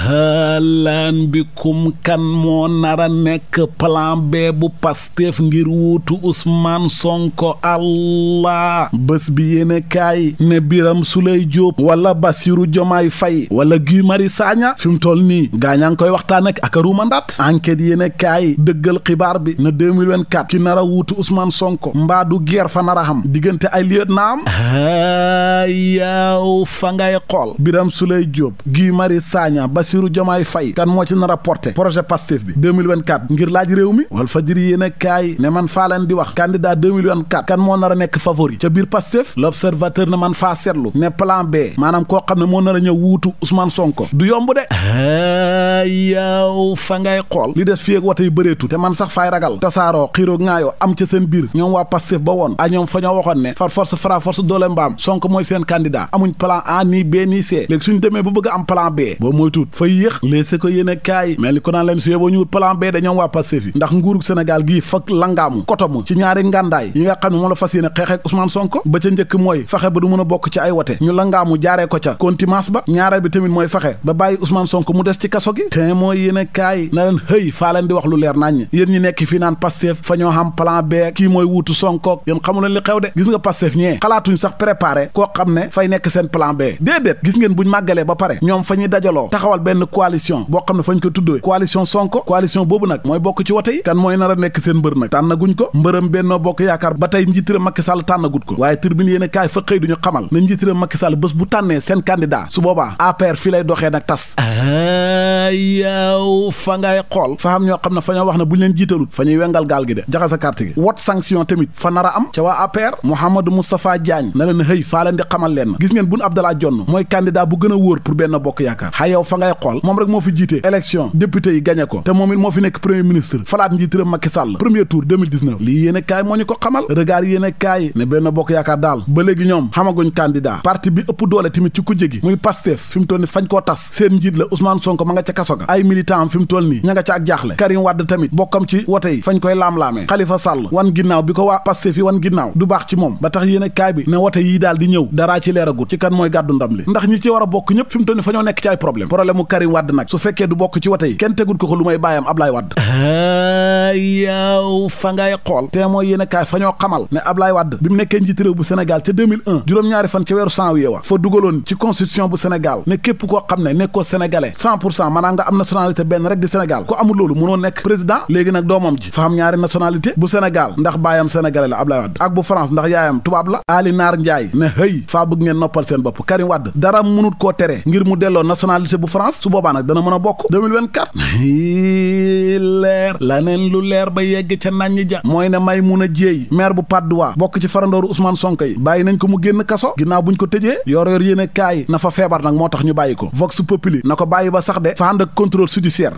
Aha. ahlan bikum kan moo nara nekk plan B bu Pastef ngir wuutu Ousmane Sonko allah bés bi yéene kaay ne Biram Souley Diop wala Bassirou Diomaye fay wala gii mari Sagna fi mu toll nii gaañaa ngi koy waxtaan ak akaru mandat enquête yéene kaay dëggal xibaar bi na 2024 ki nara wuutu Ousmane Sonko mbaa du guerre fa nara xam diggante ay lieu naam yaw fa ngay xool Biram Souley Diop Guy Marius Sagna Bassirou Diomaye fay kan moo ci nar a porté projet Pastef bi 2024 ngir laaj réew mi Walfadjri yéene kaay ne man faa leen di wax candidat 2024 kan moo nar a nekk favori ca biir Pastef l'observateur ne man faa seetlu ne plan B maanaam koo xam ne moo nar a ñëw wuutu Ousmane Sonko du yomb de yaw fa ngay xool li des fii ak watey bëreetu te man sax faay ragal tasaaroo xiiroo ŋaayoo am ca seen biir ñoom waa Pastef ba woon a ñoom fa ñoo waxoon ne far force fra force doole A ni B bu bëgg am plan les ko yéen a kaay mel ni ko naan leen su yóboo ñu wut plan waa Pastef ndax nguurug Sénégal gii fak langaamu kotomu ci ñaari ngàndaay yi nga xam ne moom la fas yéene xeex ak Sonko ba ca njëkk mooy fexe ba du mën a bokk ci ay wote ñu langaamu jaaree ko ca contimence ba ñaareel bi tamit mooy fexe ba bàyyi Ousmane Sonko mu des ci kaso gi te mooy yéen a kaay na leen hëy faa leen di wax lu leer nañ yéen ñi nekk fii naan Pastef fa ñoo xam plan coalition boo xam ne fañ ko tuddee coalition Sonko coalition boobu nag mooy bokk ci wote yi kan mooy nar a nekk seen mbër nag tànnaguñ ko mbërëm Benno Bokk Yaakaar ba tey njiitiram Macky Sall tànnagut ko waaye turbine yéen a kaay fa xëy duñu xamal na njiitiram Macky Sall bés bu tànnee seen candidat su boobaa APR fii lay doxee nag tas ah, yaaw fa ngay xool fa xam ñoo xam ne fa ñoo wax ne bu ñu leen jiitalut fa ñuy wengal gaal gi de jaxa sa carte gi wot sanction tamit fa nar a am ca waa APR Mouhamadou Moustapha Diagne na leen hëy faa leen xamal leen gis ngeen Boun Abdallah Dionne mooy candidat bu gën a wóor Bokk Yaakaar fa ngay moo fi jiite élection député yi gañe ko te moom moo fi nekk premier ministre falaat njiit réew Macky Sall premier tour lii yéen kaay moo ñu ko xamal regard yéen kaay ne benn bokk yaakaar daal ba léegi ñoom xamaguñ candidat parti bi ëpp doole tamit ci kujje gi muy Pastef fi toll ni fañ koo tas seen njiit la Ousmane Sonko ma nga ca kaso ga ay militant am toll nii ña nga ca ak jaaxle Karim Wade tamit bokkam ci wote yi fañ koy laam-laamee Khalifa Sall nag su fekkee du bokk ci wote yi kenn tegul ko ko lu may bàyyam Ablaye Wade ah, yaaw fa ngay xool te mooy yéen a kaay fa ñoo xamal ne Ablaye Wade bi mu nekkee njiit réew bu Sénégal ca juróom-ñaari fan ca weeru sanwiye wa fa dugaloon ci constitution bu Sénégal ne képp koo xam ne nekkoo sénégalais 100 pour cent maanaam nga am nationalité benn rek di Sénégal ko amul loolu mënoo nekk président léegi nag doomam ji fa am ñaari nationalité bu Sénégal ndax baayam sénégalais la Ablaye Wade ak bu France ndax tubaab la Ali Naar Ndiaye ne hëy faa seen bopp Karim Wade dara mënut koo tere ngir mu delloo nationalité bu France su boobaa nag dana mën a bokk 2024 la laneen lu leer ba yegg ca naññi ja mooy ne Maimouna Dièye maire bu Patte d'Oie bokk ci farandooru Ousmane Sonko yi bàyyi nañ ko mu génn kaso ginnaaw buñ ko tëjee yor yor yéene kaay na fa feebar nag moo tax ñu bàyyi ko Vox Populi na ko bàyyi ba sax de fa ànd ak contrôle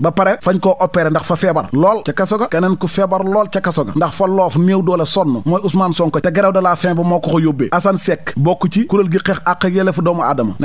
ba pare fañ koo opéré ndax fa feebar lool ca kaso ga keneen ku feebar lool ca kaso ga ndax fa loof néew doole sonn mooy Ousmane Sonko te grève de la faim ba ko ko yóbbee Assane Seck bokk ci gi xeex àq ak yelleefu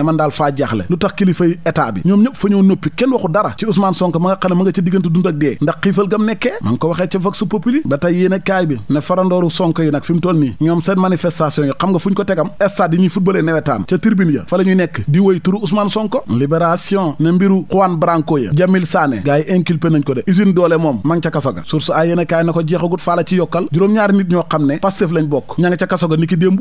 man daal faa jaaxle lu tax kilifa yi état bi ñoom ñëpp fa kenn waxu dara ci Ousmane Sonko ma nga xam ne nga ca diggante dund ak dee ndax xiifal gam nekkee ma ko waxee ca Vox Populi ba tey yéen kaay bi ne farandooru Sonko yi nag fi mu nii ñoom seen manifestation yi xam nga fu ko tegam stade yi ñuy footballee nawetaan ca tribune ya fa la nekk di woy turu Ousmane Sonko libération ne mbiru Juan Branco ya Jamil Sané gars yi inculpé ko de usine doole moom ma ca kaso ga source ay yéen a kaay na ko jeexagut faala ci yokkal ña nga ca kaso ga ni ki démb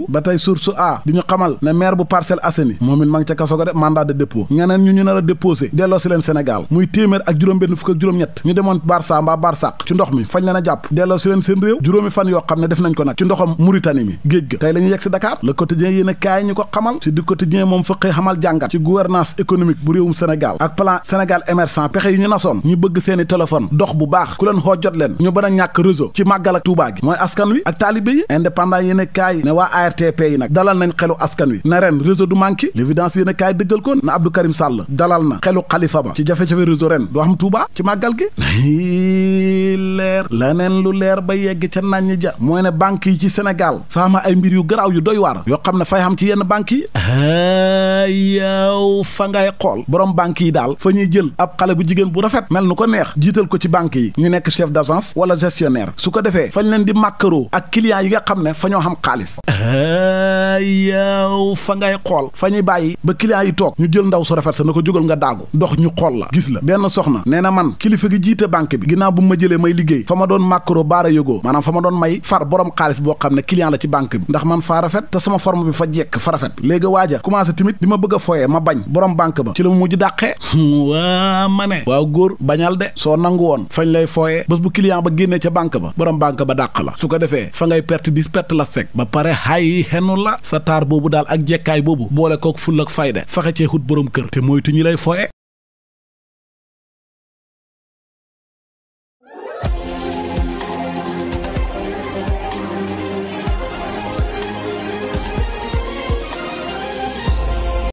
Sénégal muy téeméer ak juróom-benn fukk ak juróom-ñett ñu demoon Barça mbaa Barsaq ci ndox mi fañ leen a jàpp delloo si leen seen réew juróomi fan yoo xam ne def nañ ko nag ci ndoxam Mauritanie mi géej ga tey la ñu yegg si Dakar le a kaay ñu ko xamal si du quotidien moom fëqee xamal jàngat ci gouvernance économique bu réewum Sénégal ak plan Sénégal émergent pexe yi ñu nasoon ñu bëgg seeni téléphone dox bu baax ku leen xoo jot leen ñu bën a ñàkk réseau ci màggal ak Touba gi mooy askan wi ak taalibe yi indépendant yéen a kaay ne waa ARTP dalal nañ xelu askan wi na ren réseau du manqué l'évidence yéen a kaay ko na Abdou Karim Sall dalal na xelu xalifa ci jafe-jafe réseau ren doo xam Touba ci màggal gi leer nen lu leer ba yegg ca nañ ja mooy ne banque yi ci Sénégal faama ay mbir yu garaaw yu doy waar yoo xam ne fay xam ci yenn banque yi yow fa ngay xool borom banque yi daal fa ñuy jël ab xale bu jigéen bu rafet mel nu ko neex jiital ko ci banque yi ñu nekk chef d'agence wala gestionnaire su ko defee fañ leen di màkkaroo ak clients yi nga xam ne fa ñoo xam xaalis yow fa ngay xool fa ñuy bàyyi ba clients yi toog ñu jël ndaw su rafet sa na ko jógal nga daagu dox ñu xool xool la gis la benn soxna nee na man kilifa gi jiite banque bi ginnaaw bu ma jëlee may liggéey fa ma doon macro baara yógoo maanaam fa ma doon may far borom xaalis boo xam ne client la ci banque bi ndax man faa rafet te sama forme bi fa jekk fa rafet léegi waaja commencé tamit di ma bëgg a ma bañ borom banque ba ci la mu mujj dàqee waa ma ne waaw góor bañal de soo nangu woon fañ lay fooyee bés bu client ba génnee ca banque ba borom banque ba dàq la su ko defee fa ngay perte di la sec ba pare hay xenu la sa taar boobu daal ak jekkaay boobu boole kook ful ak fayda faxe cee xut borom kër moytu ñi lay fooye